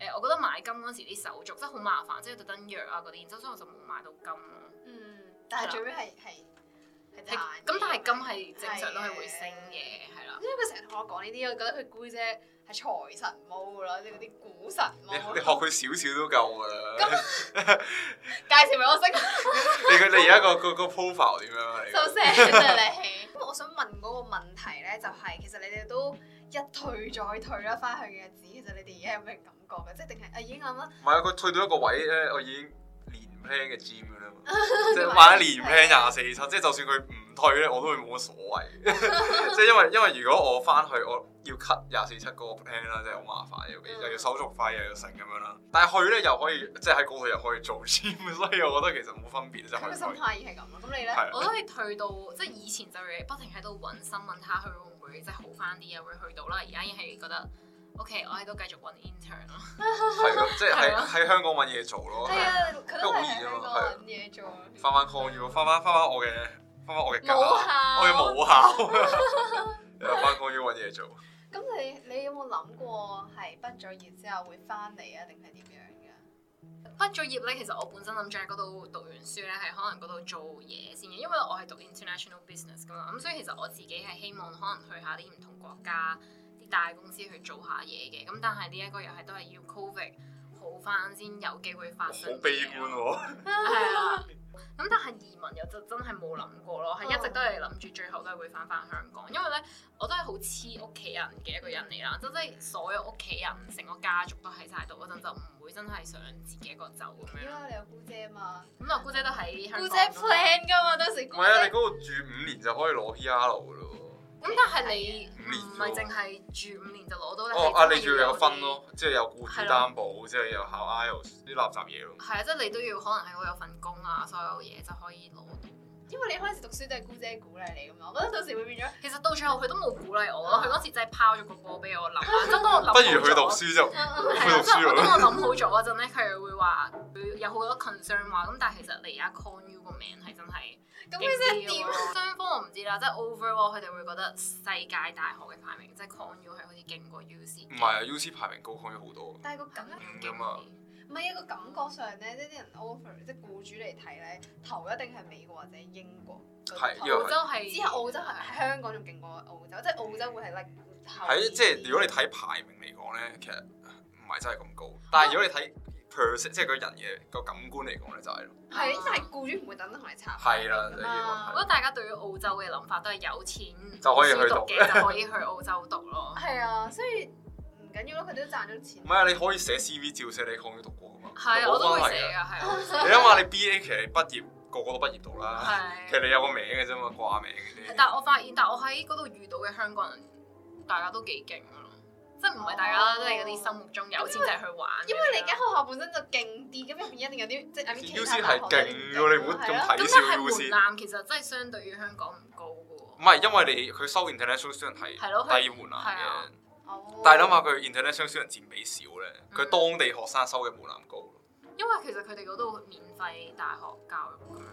誒，我覺得買金嗰時啲手續真係好麻煩，即係特登約啊嗰啲，然之後所以我就冇買到金咯。嗯，但係最尾係係。了咁但係金係正常都係會升嘅，係啦的。因為佢成日同我講呢啲，我覺得佢姑姐係財神貓咯，即係嗰啲股神。你學佢少少都夠㗎啦。樣 <laughs> 介紹俾我識。 <laughs> 你佢你而家個個、嗰個 profile 點樣啊？收聲啦你！咁 <laughs> 我想問嗰個問題咧，就係、是、其實你哋都一退再退啦，翻去嘅日子其實你哋而家有咩感覺嘅？即係定係已經啱？啦、啊？唔係，佢退到一個位咧，我已經。輕嘅的 gym 噶啦 <laughs> 即係玩一年輕廿四七，即係就算佢唔退咧，我都會冇乜所謂。即 <laughs> 係因為因為如果我翻去我要 cut 廿四七嗰個 plan 啦，即係好麻煩，嗯、又要手續費，又要成咁樣啦。但係佢咧又可以即係喺嗰度又可以做 gym，所以我覺得其實冇分別。 <laughs> 即係個心態已係咁咯。咁你咧？ <laughs> 我都係退到即係、就是、以前就會不停喺度揾新聞，睇下佢會唔會即係好翻啲，啊，會去到啦。而家已經係覺得。OK，我喺度繼續揾 intern 咯，係咯，即係喺喺香港揾嘢做咯。係啊，佢都喺香港揾嘢做。翻返工院，翻返翻返我嘅翻返我嘅母校啦。我又冇考，又翻工院揾嘢做。咁你你有冇諗過係畢咗業之後會翻嚟啊，定係點樣噶？畢咗業咧，其實我本身諗住喺嗰度讀完書咧，係可能嗰度做嘢先嘅，因為我係讀 international business 噶嘛。咁所以其實我自己係希望可能去下啲唔同國家。大公司去做下嘢嘅，咁但係呢一個又係都係要 COVID 好翻先有機會發生。好悲觀喎！係啊，咁 <laughs> 但係移民又就真係冇諗過咯，係、啊、一直都係諗住最後都係會翻返香港，因為咧我都係好黐屋企人嘅一個人嚟啦，即、就、係、是、所有屋企人成個家族都喺晒度嗰陣就唔會真係想自己一個走咁樣。你有姑姐嘛，咁啊、嗯、姑姐都喺香港。姑姐 plan 噶嘛，當時。唔係姑姐 啊，你嗰度住五年就可以攞 PR 樓噶咯。咁、嗯、但係你唔係淨係住五年就攞到哦，啊，你仲要，要有分咯，即係有雇主擔保的，即係有考 IELTS 啲垃圾嘢咯。係啊，即係你都要可能係我有份工啊，所有嘢就可以攞到。因為你開始讀書都係姑姐鼓勵你咁樣，我覺得到時會變咗。其實到最後佢都冇鼓勵我咯，佢嗰時就係拋咗個貨俾我諗。不如去讀書啫。我都我諗好咗嗰陣咧，佢又會話佢有好多 concern 話，咁但係其實你而家 con u 個名係真係。咁即係點？雙方我唔知啦，即係 overall 佢哋會覺得世界大學嘅排名即係 con u 係好似勁過 u c。唔係啊，u c 排名高 con u 好多。但係個排名點嚟？唔係一個感覺上咧，呢啲人 offer，即僱主嚟睇咧，頭一定係美國或者英國，澳洲係之後澳洲係頭 香港仲勁過澳洲，是即澳洲會係甩頭。係即如果你睇排名嚟講咧，其實唔係真係咁高。但係如果你睇 person，、啊、即個人嘅個感官嚟講咧，就係、是、咯。係、啊，即係僱主唔會等得同你差。係啦、啊。我覺得大家對於澳洲嘅諗法都係有錢就可以去到讀就可以去， <laughs> 去澳洲讀咯。係 <laughs> 啊，所以。緊要咯，佢哋都賺咗錢。唔係，你可以寫 CV 照寫，你抗英讀過啊嘛。係啊，我都會寫噶，係。你諗下，你 BA 其實畢業個個都畢業到啦，其實你有個名嘅啫嘛，掛名啲。但係我發現，但係我喺嗰度遇到嘅香港人，大家都幾勁嘅咯。即係唔係大家都係嗰啲心目中有錢就去玩。因為你間學校本身就勁啲，咁入邊一定有啲即係入你會咁睇。學。門檻其實真係相對於香港唔高嘅喎。唔係因為你佢收完 international student 係係低門檻嘅。Oh. 但係諗下佢 international 人占比少咧，佢當地學生收嘅門檻高咯。嗯、因為其實佢哋嗰度免費大學教育。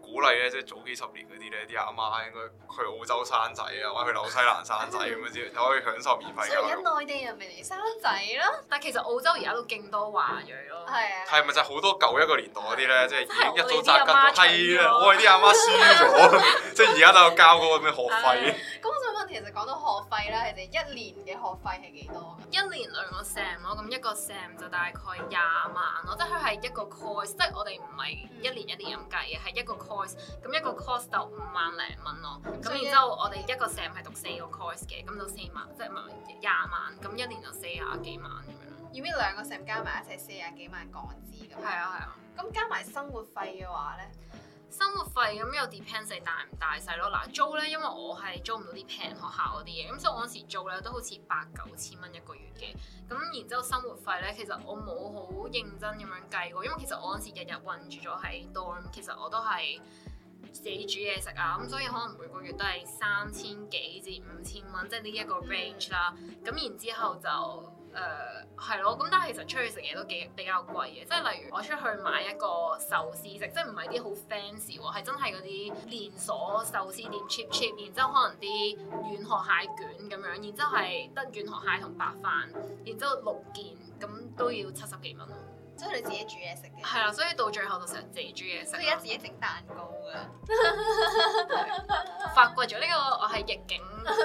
鼓勵咧，即係早幾十年嗰啲咧，啲阿媽應該去澳洲生仔啊，或者去紐西蘭生仔咁樣先， <laughs> 就可以享受免費。而家內地人咪嚟生仔咯？但係其實澳洲而家都勁多華裔咯。係啊的。係咪就係好多舊一個年代嗰啲咧，的即已經一早扎根的。咗係啊，的的我哋啲阿媽輸咗， <laughs> <laughs> 即係而家都有交嗰個咩學費。咁我想問，其實講到學費咧，佢哋一年嘅學費係幾多？一年兩個 sam 咯，咁一個 sam 就大概廿萬咯，即係佢係一個 course，即係我哋唔係一年一年咁計嘅，係一個 course，咁一個 course 就五萬零蚊咯，咁然之後我哋一個 sam 係讀四個 course 嘅，咁就四萬，即係咪廿萬，咁一年就四十幾萬咁樣。要唔要兩個 sam 加埋一齊四十幾萬港紙咁？係啊係啊，咁、啊、加埋生活費嘅話咧？生活費咁又 depends 你大唔大細咯，嗱，租呢，因為我係租唔到啲平學校嗰啲嘢，咁所以我嗰時租呢都好似八九千蚊一個月嘅，咁然之後生活費呢，其實我冇好認真咁樣計過，因為其實我嗰時日日困住咗喺 dorm，其實我都係自己煮嘢食啊，咁所以可能每個月都係三千幾至五千蚊，即係呢一個 range 啦，咁然之後就。誒係咯，咁、uh, 但係其實出去食嘢都幾比較貴嘅，即係例如我出去買一個壽司食，即係唔係啲好 fancy，係真係啲連鎖壽司店 cheap、mm hmm. cheap，che 然之後可能啲軟殼蟹卷咁樣，然之後係得軟殼蟹同白飯，然之後六件咁都要七十幾蚊。都係自己煮嘢食嘅，係啦，所以到最後就成日自己煮嘢食。佢而家自己整蛋糕嘅，發掘咗呢個我係逆境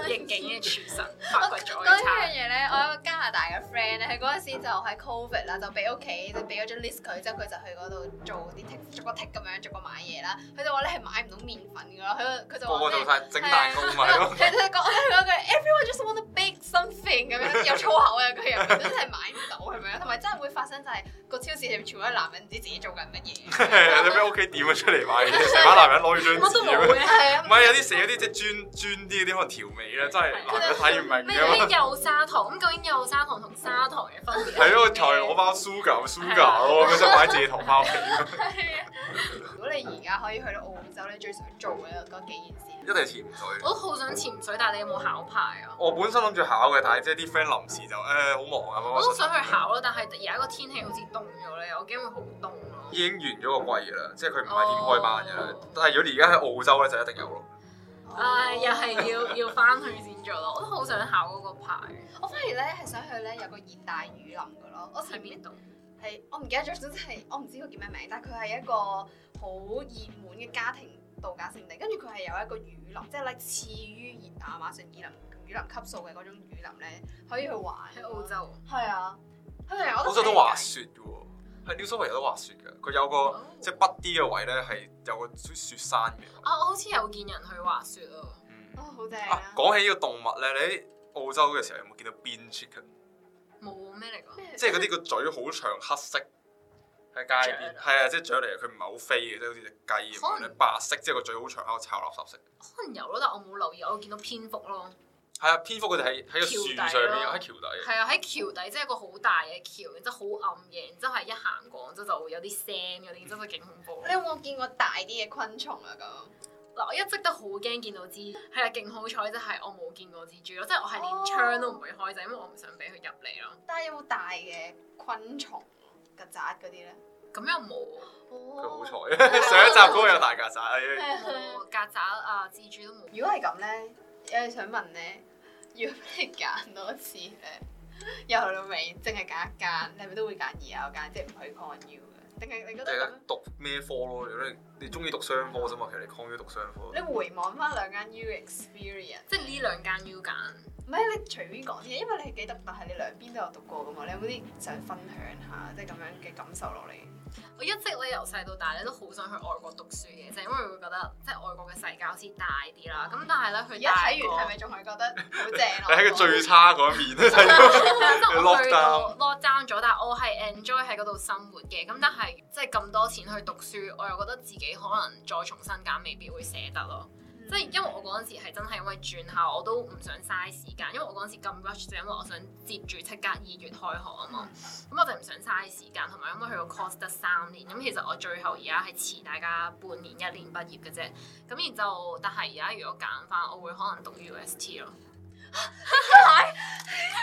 逆境嘅廚神，發掘咗呢一樣嘢咧，我有個加拿大嘅 friend 咧，喺嗰陣時就喺 covid 啦，就俾屋企，就俾咗張 list 佢，之後佢就去嗰度做啲 tick 逐個 tick 咁樣，逐個買嘢啦。佢就話咧係買唔到麵粉㗎咯，佢佢就個個做曬整蛋糕賣咯。係講句，everyone just want to bake something 咁樣，有粗口啊！佢又真係買唔到係咪啊？同埋真係會發生就係嗰時係全部係男人唔知自己做緊乜嘢，你俾屋企點咗出嚟買嘢，成班男人攞住張紙咁樣。唔係有啲寫啲即係專專啲嗰啲可能調味咧，真係難睇唔明嘅。咩咩幼砂糖咁？究竟幼砂糖同砂糖嘅分別？係咯，就係我包 sugar sugar 咯，咁即係買啲蔗糖翻嚟。如果你而家可以去到澳洲，你最想做嘅嗰幾件事？一定係潛水。我都好想潛水，但係你有冇考牌啊？我本身諗住考嘅，但係即係啲 friend 臨時就誒好忙啊。我都想去考咯，但係而家個天氣好似凍咗咧，我驚會好凍。已經完咗個季嘅啦，即係佢唔係點開辦嘅啦。Oh. 但係如果你而家喺澳洲咧，就一定有咯。唉、oh.，又係要要翻去先做咯。我都好想考嗰個牌。 <laughs> 我反而咧係想去咧有個熱帶雨林嘅咯。喺邊度？係我唔記得咗，總之係我唔知佢叫咩名，但係佢係一個好熱門嘅家庭度假勝地。跟住佢係有一個雨林，即係類似於亞馬遜雨林雨林級數嘅嗰種雨林咧，可以去玩。喺澳洲。係啊，佢哋我好想去滑雪嘅喎。 <laughs> <laughs> 喺 New South Wales 有得滑雪嘅，佢有個、oh. 即係北啲嘅位咧，係有個好似雪山嘅。啊，oh, 我好似有見人去滑雪啊！嗯 oh, 啊，好正啊！講起呢個動物咧，你喺澳洲嘅時候有冇見到 bin chicken？冇咩嚟㗎，即係嗰啲個嘴好長，黑色喺街邊，係啊，啊，即係雀嚟，佢唔係好飛嘅，即係好似隻雞咁樣，能白色即係個嘴好長，喺度炒垃圾食。可能有咯，但我冇留意，我見到蝙，蝙蝠咯。係啊，蝙蝠佢哋喺喺個樹上面，喺橋底。係啊，喺橋底，即、就、係、是、一個好大嘅橋，然之後好暗嘅，然之後係一行過，州就會有啲聲，嗰啲真係勁恐怖。 <laughs> 你有冇見過大啲嘅昆蟲啊？咁嗱、那個，我一直都好驚見到蜘蛛。係啊，勁好彩就係、是、我冇見過蜘蛛咯，即、就、係、是、我係連窗都唔會開就因為我唔想俾佢入嚟咯。但係有冇大嘅昆蟲、曱甴嗰啲咧？咁又冇。佢好彩，上一集嗰個有大曱甴。曱甴啊，蜘蛛都冇。如果係咁咧，有嘢想問咧。要俾你揀多次又去到尾，淨係揀一間，你係咪都會揀二樓間，即係唔去 Con U 嘅？定係你覺得？係啊，讀咩科咯？如果你你中意讀商科啫嘛，其實你 Con U 讀商科。你回望翻兩間 U experience，即係呢兩間 U 揀。唔係你隨便講啲嘢，因為你幾特別係你兩邊都有讀過嘅嘛，你有冇啲想分享下即係咁樣嘅感受落嚟？我一直，咧由細到大咧都好想去外國讀書嘅，就係、因為會覺得即係、就係、外國嘅世界好似大啲啦。咁但係咧佢一睇完係咪仲係覺得好正咯？你喺個最差嗰面咧，落爭落爭咗，但係我係 enjoy 喺嗰度生活嘅。咁但係即係咁多錢去讀書，我又覺得自己可能再重新揀未必會捨得咯。即係因為我嗰陣時係真係因為轉校，我都唔想嘥時間。因為我嗰陣時咁 rush，就因為我想接住七隔二月開學啊嘛。咁、嗯嗯、我就唔想嘥時間，同埋因為佢個 course 得三年。咁、嗯、其實我最後而家係遲大家半年一年畢業嘅啫。咁然之後，但係而家如果揀翻，我會可能讀 UST 咯。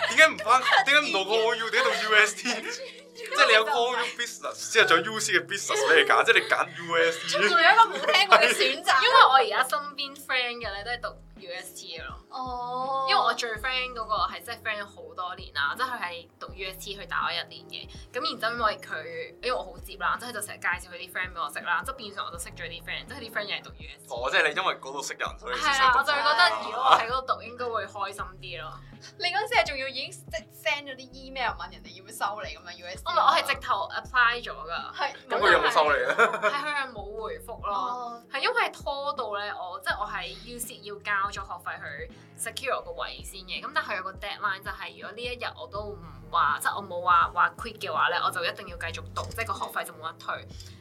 點解唔翻？點解唔讀開 U？點解讀 UST？即係你有 college business，之後仲有 UC 嘅 business 俾你揀，即係你揀 U.S. 做一個冇聽過嘅選擇。 <laughs> 因為我而家身邊 friend 嘅咧都係讀 U.S. 嘅咯。哦。因為我最 friend 嗰個係真係 friend 咗好多年啦，即係佢係讀 U.S.T 去大我一年嘅。咁然之後因為佢，因為我好接啦，即係佢就成日介紹佢啲 friend 俾我，我識啦，即係變相我就識咗啲 friend，即係啲 friend 又係讀 U.S. 哦，即係你因為嗰度識人，所以係啊，我就覺得、啊、如果我喺嗰度讀應該會開心啲咯。 <laughs> 你嗰陣時係仲要已經即 send 咗啲 email 問人哋要唔要收你咁樣？U. S. 是 S, 是 我我係直頭 apply 咗噶，咁 <laughs> 佢有冇收你啊？係佢係冇回覆咯，係、oh. 因為拖到咧，我即我喺 U. S. 要交咗學費去 secure 我位個位先嘅，咁但係有個 deadline 就係如果呢一日我都唔、就是、話即我冇話話 quit 嘅話咧，我就一定要繼續讀，即個學費就冇得退。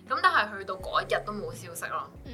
咁但係去到嗰一日都冇消息咯。嗯。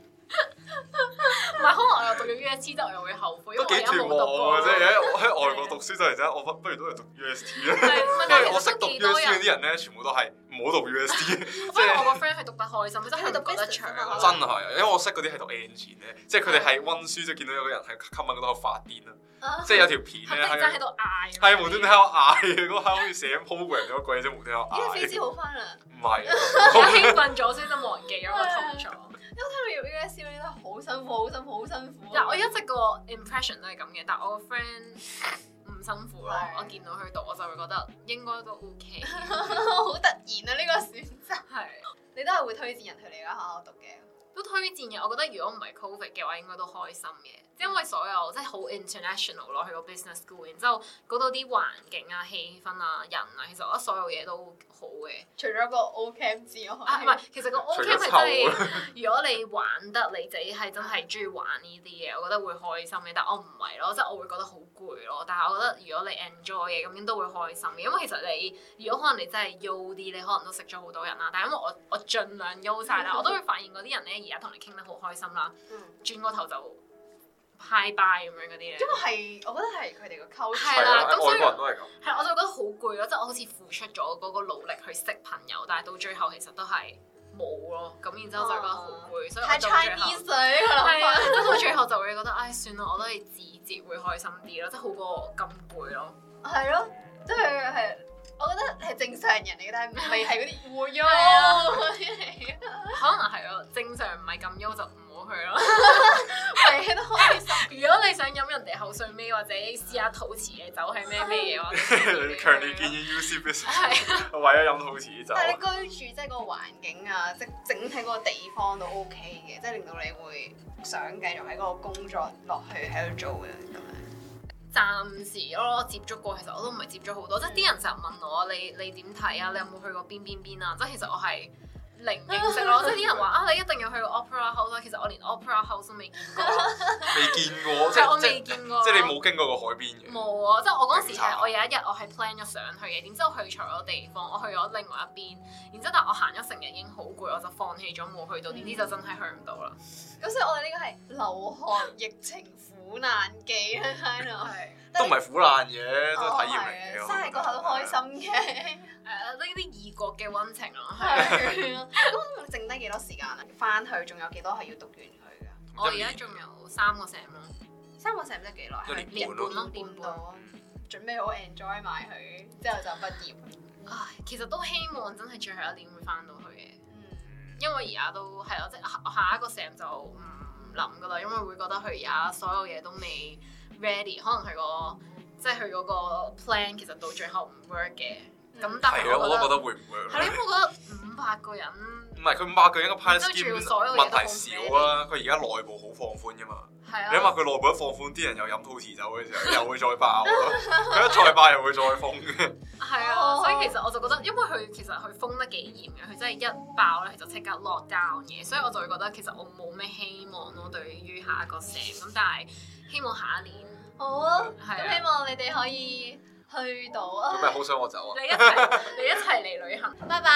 唔係，可能我又讀咗 U S T，得我又會後悔。都幾絕望嘅，即係我喺外國讀書真係，真我不不如都係讀 U S T 咧。因為我識 U S T 啲人咧，全部都係唔好讀 U S T。不如我個 friend 係讀得開心，真係讀讀得長。真係，因為我識嗰啲係讀 N G 咧，即係佢哋係溫書就見到有個人係吸猛嗰度發癲啦，即係有條片咧，係無端端喺度嗌，係無端端喺度嗌，嗰下好似成 program 咗啫。即無端端嗌。啲飛機好翻啦，唔係，好興奮咗先得忘記，因為衝咗。都聽到讀 U.S.C. 都好辛苦，好辛苦，好辛苦啊。嗱，我一直個 impression 都係咁嘅，但我個 friend 唔辛苦咯。的我見到佢讀，我就會覺得應該都 OK。 <laughs> 好突然啊！呢、呢個選擇， <laughs> 你都係會推薦人去你間學校讀嘅？都推薦嘅。我覺得如果唔係 Covid 嘅話，應該都開心嘅。因為所有即係好 international 咯，去個 business school，然之後嗰度啲環境啊、氣氛啊、人啊，其實我覺得所有嘢都好嘅，除咗個 Ocamp 之外。啊，唔係，其實個 Ocamp 真係， <laughs> 如果你玩得，你自己係真係中意玩呢啲嘢， <laughs> 我覺得會開心嘅。但我唔係咯，即係我會覺得好攰咯。但係我覺得如果你 enjoy 嘅，咁都會開心嘅。因為其實你如果可能你真係優啲，你可能都識咗好多人啦。但係因為我我儘量優晒啦， <laughs> 我都會發現嗰啲人呢，而家同你傾得好開心啦。嗯。 <laughs> 轉個頭就。Hi bye 咁樣嗰啲咧，因為係我覺得係佢哋個溝通，係啦，咁所以係，我就覺得好攰咯，即係我好似付出咗嗰個努力去識朋友，但係到最後其實都係冇咯，咁然之後就覺得好攰，哦、所以差啲水到法。到最後就會覺得唉、哎，算啦，我都係自節會開心啲咯，即係好過咁攰咯，係咯，即係係，我覺得係正常人嚟嘅，但係唔係係嗰啲優啊，可能係咯，正常唔係咁優就。去咯，係都好開心。如果你想飲人哋口水尾或者試下肚瓷嘅酒係咩咩嘢，我 <laughs> 強烈建議你試 <laughs> 一試。為咗飲肚瓷酒。但係你居住即係、就是、個環境啊，即係整體嗰個地方都 OK 嘅，即、就、係、是、令到你會想繼續喺個工作落去喺度做嘅咁樣。暫時咯，我我接觸過，其實我都唔係接觸好多，即係啲人成日問我你你點睇啊，你有冇去過邊邊邊啊，即係其實我係。零認識咯， <laughs> 即係啲人話啊，你一定要去個 Opera House 啦。其實我連 Opera House 都未見過，未 <laughs> 見過， <laughs> 即係我未見過。即係即你冇經過個海邊嘅。冇啊了，察即係我嗰時係我有一日我係 plan 咗上去嘅，點知我去錯咗地方，我去咗另外一邊，然之後但係我行咗成日已經好攰，我就放棄咗冇去到，點知、嗯、就真係去唔到啦。咁所以我哋呢個係流行疫情。 <laughs> 苦難嘅喺度都唔係苦難嘢，都係體驗嚟嘅。真係嗰下都開心嘅，係啊！呢啲異國嘅溫情啊，都剩低幾多時間啊？翻去仲有幾多係要讀完佢㗎？我而家仲有三個 semester，三個 semester 即係幾耐？年半咯，年半。準備好 enjoy 埋佢，之後就畢業。唉，其實都希望真係最後一年會翻到去嘅。嗯，因為而家都係咯，即係下一個 semester 就。諗噶啦，因為會覺得，佢而家所有嘢都未 ready，可能佢個即係佢個 plan 其實到最後唔 work 嘅，咁但係我覺得、嗯、覺得會唔會？係你有冇覺得五百個人？唔係佢抹佢句應該 pass，問題少啊！佢而家內部好放寬噶嘛。係啊，你諗下佢內部一放寬，啲人又飲吐司酒嘅時候，又會再爆咯。佢 <laughs> 一再爆又會再封。係啊，所以其實我就覺得，因為佢其實佢封得幾嚴嘅，佢真係一爆咧，佢就即刻落 lockdown 嘢。所以我就會覺得，其實我冇咩希望咯，對於下一個 semester 咁但係希望下一年好啊，都、啊、希望你哋可以。嗯去到啊！你咪好想我走啊！你一齊，你一齊嚟旅行，拜拜！